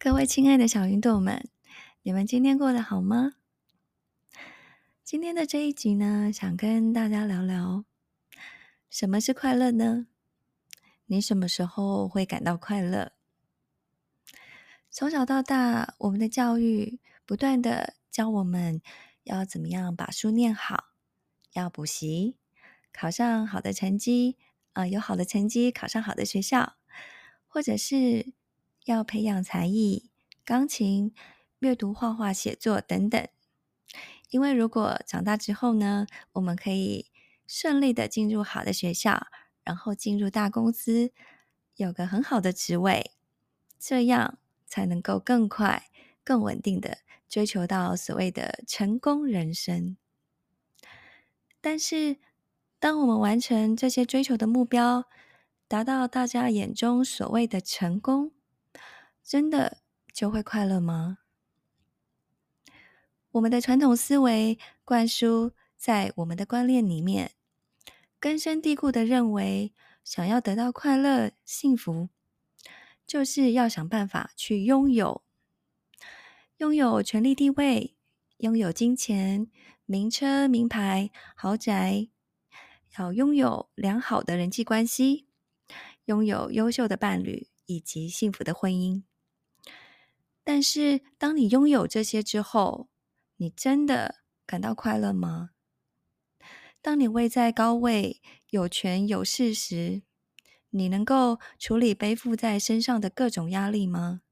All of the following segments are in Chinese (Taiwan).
各位親愛的“小雲朵”們，你們今天過得好嗎？今天的這一集呢，想跟大家聊聊什麼是快樂呢？你什麼時候會感到快樂？從小到大，我們的教育不斷的教我們要怎麼樣把書唸好，要補習，考上好的成績，啊、呃，有好的成績，考上好的學校，或者是。要培養才藝，鋼琴、閱讀、畫畫、寫作等等。因為如果長大之後呢，我們可以順利的進入好的學校，然後進入大公司，有個很好的職位，這樣才能夠更快、更穩定的追求到所謂的成功人生。但是，當我們完成這些追求的目標，達到大家眼中所謂的成功，真的就會快樂嗎？我們的傳統思維灌輸在我們的觀念裡面，根深蒂固的認為，想要得到快樂、幸福，就是要想辦法去擁有，擁有權力地位，擁有金錢、名車、名牌、豪宅，要擁有良好的人際關係，擁有優秀的伴侶以及幸福的婚姻。但是，當你擁有這些之後，你真的感到快樂嗎？當你位在高位、有權有勢時，你能夠處理背負在身上的各種壓力嗎？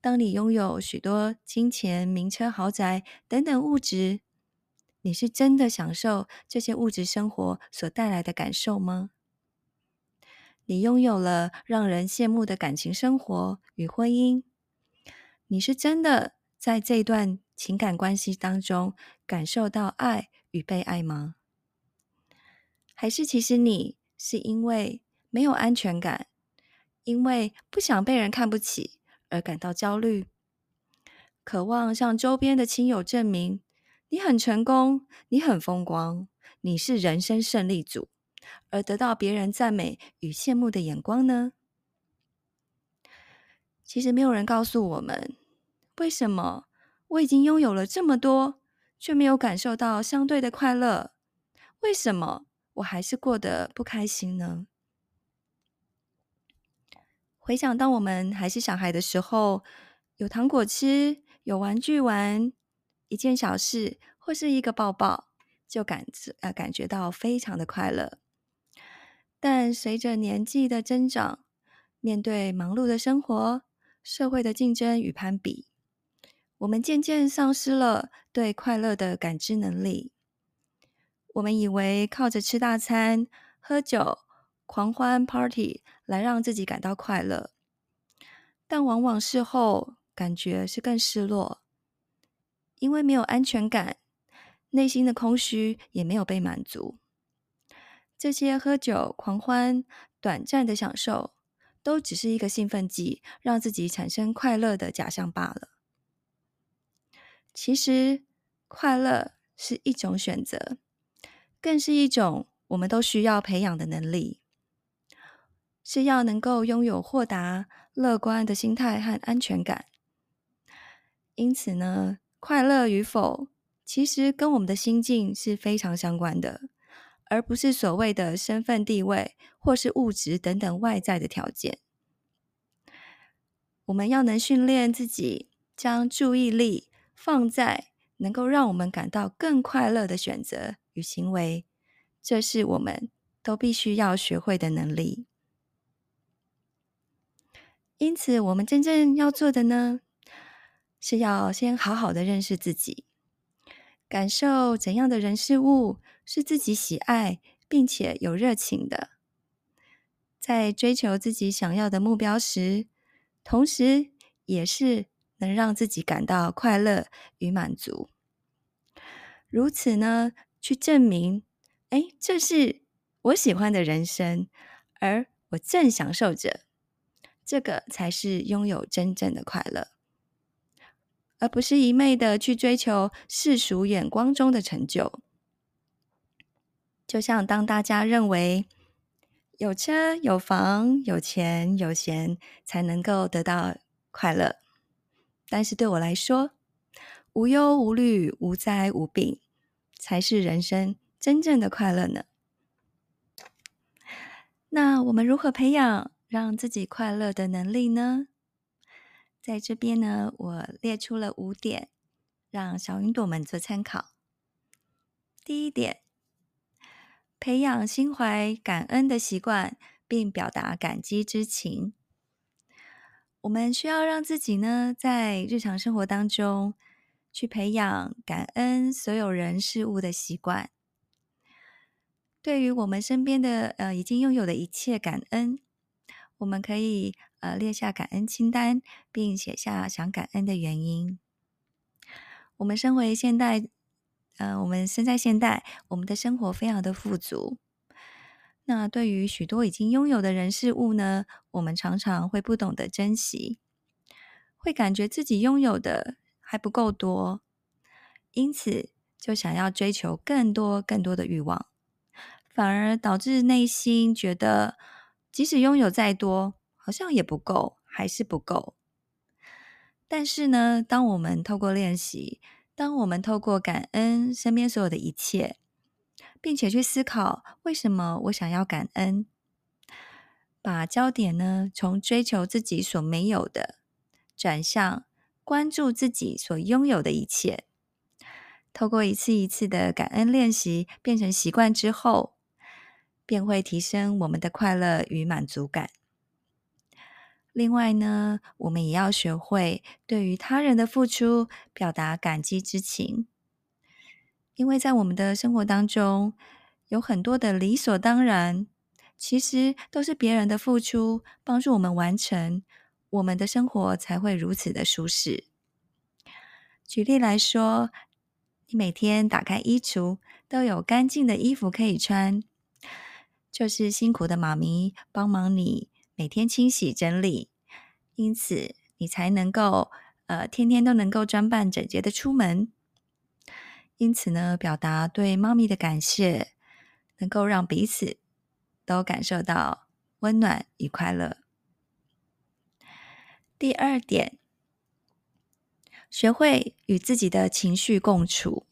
當你擁有許多金錢、名車、豪宅等等物質，你是真的享受這些物質生活所帶來的感受嗎？你擁有了讓人羨慕的感情生活與婚姻？你是真的在這段情感關係當中感受到愛與被愛嗎？還是其實你是因為沒有安全感，因為不想被人看不起而感到焦慮，渴望向周邊的親友證明你很成功、你很風光、你是人生勝利組，而得到別人讚美與羨慕的眼光呢？其實沒有人告訴我們，為什麼我已經擁有了這麼多，卻沒有感受到相對的快樂？為什麼我還是過得不開心呢？回想當我們還是小孩的時候，有糖果吃，有玩具玩，一件小事或是一個抱抱，就感啊、呃、感覺到非常的快樂。但隨着年紀的增長，面對忙碌的生活。社會的競爭與攀比，我們漸漸喪失了對快樂的感知能力。我們以為靠着吃大餐、喝酒、狂歡 party 來讓自己感到快樂，但往往事後感覺是更失落，因為沒有安全感，內心的空虛也沒有被滿足。這些喝酒狂歡、短暫的享受。都只是一個興奮劑，讓自己產生快樂的假象罷了。其實，快樂是一種選擇，更是一種我們都需要培養的能力，是要能夠擁有豁達、樂觀的心態和安全感。因此呢，快樂與否，其實跟我們的心境是非常相關的。而不是所謂的身份地位，或是物質等等外在的條件，我們要能訓練自己將注意力放在能夠讓我們感到更快樂的選擇與行為，這是我們都必須要學會的能力。因此，我們真正要做的呢，是要先好好的認識自己，感受怎樣的人事物，是自己喜愛並且有熱情的，在追求自己想要的目標時，同時也是能讓自己感到快樂與滿足。如此呢，去證明，哎，這是我喜歡的人生，而我正享受着，這個才是擁有真正的快樂，而不是一味的去追求世俗眼光中的成就。就像當大家認為有車有房有錢有閒才能夠得到快樂，但是對我來說，無憂無慮無災無病才是人生真正的快樂呢。那我們如何培養讓自己快樂的能力呢？在這邊呢，我列出了五點，讓小雲朵們做參考。第一點。培養心懷感恩的習慣，並表達感激之情。我們需要讓自己呢，在日常生活當中去培養感恩所有人事物的習慣。對於我們身邊的呃，已經擁有的一切感恩，我們可以呃，列下感恩清單，並寫下想感恩的原因。我們身為現代。呃，我們生在現代，我們的生活非常的富足。那對於許多已經擁有的人事物呢，我們常常會不懂得珍惜，會感覺自己擁有的還不夠多，因此就想要追求更多更多的欲望，反而導致內心覺得，即使擁有再多，好像也不夠，還是不夠。但是呢，當我們透過練習，當我們透過感恩身邊所有的一切，並且去思考為什麼我想要感恩，把焦點呢，從追求自己所沒有的，轉向關注自己所擁有的一切。透過一次一次的感恩練習變成習慣之後，便會提升我們的快樂與滿足感。另外呢，我們也要學會對於他人的付出表達感激之情，因為在我們的生活當中，有很多的理所當然，其實都是別人的付出幫助我們完成，我們的生活才會如此的舒適。舉例來說，你每天打開衣櫥都有乾淨的衣服可以穿，就是辛苦的媽咪幫忙你。每天清洗整理，因此你才能夠呃天天都能夠裝扮整潔的出門。因此呢，表達對媽咪的感謝，能夠讓彼此都感受到溫暖與快樂。第二點，學會與自己的情緒共處。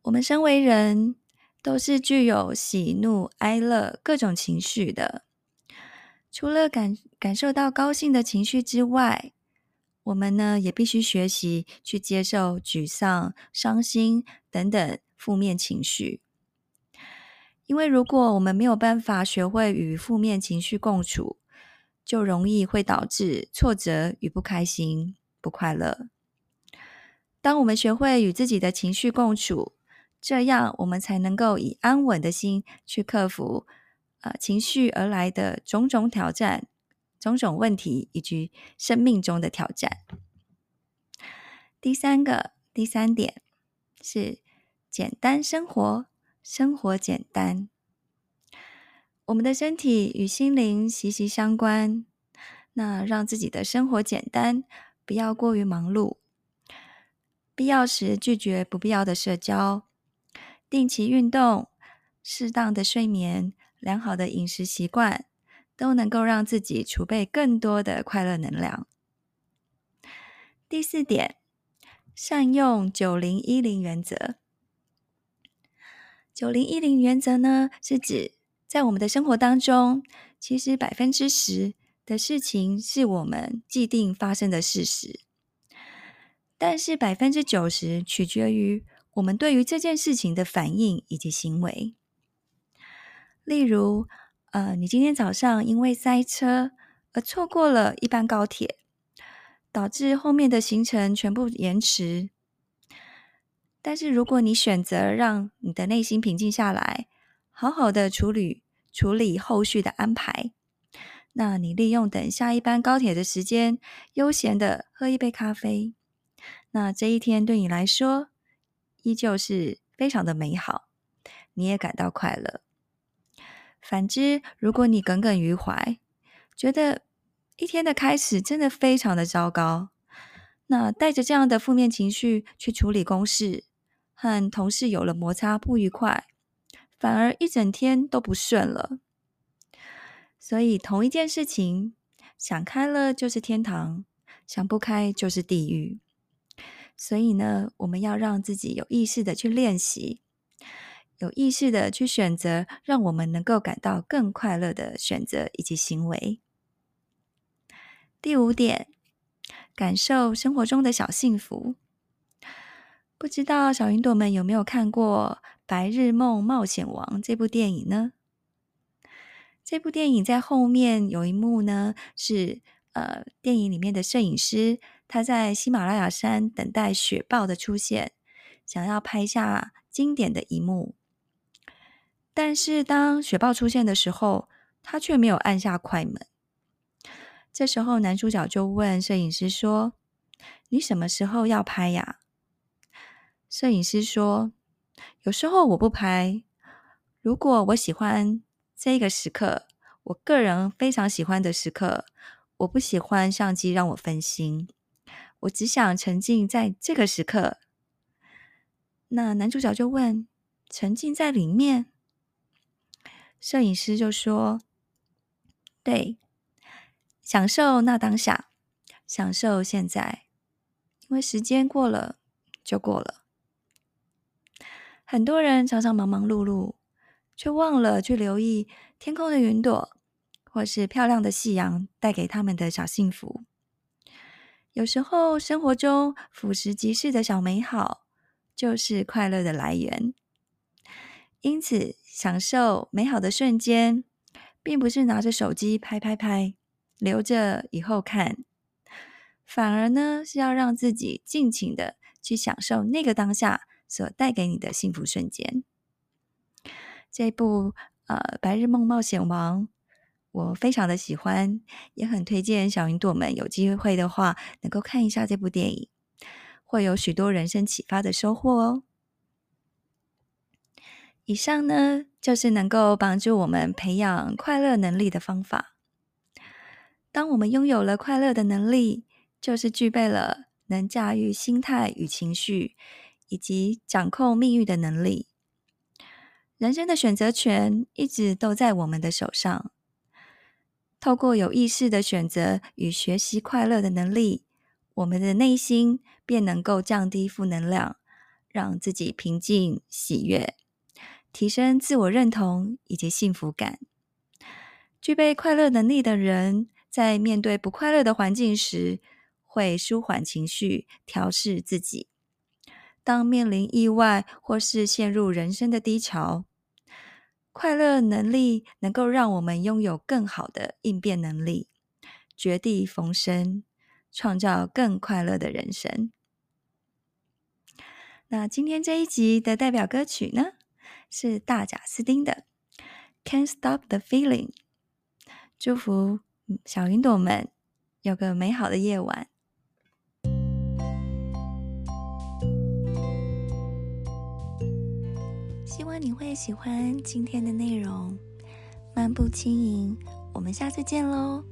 我們身為人，都是具有喜怒哀樂各種情緒的。除了感感受到高興的情緒之外，我們呢也必須學習去接受沮喪、傷心等等負面情緒。因為如果我們沒有辦法學會與負面情緒共處，就容易會導致挫折與不開心、不快樂。當我們學會與自己的情緒共處，這樣我們才能夠以安穩的心去克服。呃，情緒而來的種種挑戰、種種問題以及生命中的挑戰。第三個，第三點是簡單生活，生活簡單。我們的身體與心靈息息相關，那讓自己的生活簡單，不要過於忙碌，必要時拒絕不必要的社交，定期運動，適當的睡眠。良好的飲食習慣都能夠讓自己儲備更多的快樂能量。第四點，善用九零一零原則。九零一零原則呢，是指在我們的生活當中，其實百分之十的事情是我們既定發生的事實，但是百分之九十取決於我們對於這件事情的反應以及行為。例如，呃，你今天早上因為塞車而錯過了一班高鐵，導致後面的行程全部延遲。但是，如果你選擇讓你的內心平靜下來，好好的處理處理後續的安排，那你利用等下一班高鐵的時間，悠閒的喝一杯咖啡，那這一天對你來說依舊是非常的美好，你也感到快樂。反之，如果你耿耿於懷，覺得一天的開始真的非常的糟糕，那帶着這樣的負面情緒去處理公事，和同事有了摩擦不愉快，反而一整天都不順了。所以同一件事情，想開了就是天堂，想不開就是地獄。所以呢，我們要讓自己有意識的去練習。有意識的去選擇，讓我們能夠感到更快樂的選擇以及行為。第五點，感受生活中的小幸福。不知道小雲朵們有沒有看過《白日夢冒險王》這部電影呢？這部電影在後面有一幕呢，是呃，電影裡面的攝影師他在喜馬拉雅山等待雪豹的出現，想要拍下經典的一幕。但是當雪豹出現的時候，他却沒有按下快門。這時候男主角就問攝影師說：“你什麼時候要拍呀？”攝影師說：“有時候我不拍。如果我喜歡這個時刻，我個人非常喜歡的時刻，我不喜歡相機讓我分心，我只想沉浸在這個時刻。”那男主角就問：“沉浸在裡面？”攝影師就說：“對，享受那當下，享受現在，因為時間過了就過了。很多人常常忙忙碌碌，卻忘了去留意天空的雲朵，或是漂亮的夕陽帶給他們的小幸福。有時候，生活中俯拾即是的小美好，就是快樂的來源。因此。”享受美好的瞬間，並不是拿着手機拍拍拍，留着以後看，反而呢是要讓自己盡情的去享受那個當下所帶給你的幸福瞬間。這部，呃，《白日夢冒險王》，我非常的喜歡，也很推薦小雲朵們有機會的話能夠看一下這部電影，會有許多人生啟發的收穫哦。以上呢，就是能夠幫助我們培養快樂能力的方法。當我們擁有了快樂的能力，就是具備了能駕馭心態與情緒，以及掌控命運的能力。人生的選擇權一直都在我們的手上。透過有意識的選擇與學習快樂的能力，我們的內心便能夠降低負能量，讓自己平靜喜悅。提升自我認同以及幸福感。具備快樂能力的人，在面對不快樂的環境時，會舒緩情緒，調適自己。當面臨意外或是陷入人生的低潮，快樂能力能夠讓我們擁有更好的應變能力，絕地逢生，創造更快樂的人生。那今天這一集的代表歌曲呢？是大賈斯汀的，Can't Stop The Feeling。祝福小雲朵們有個美好的夜晚。希望你會喜歡今天的內容，漫步輕盈。我們下次見嘍。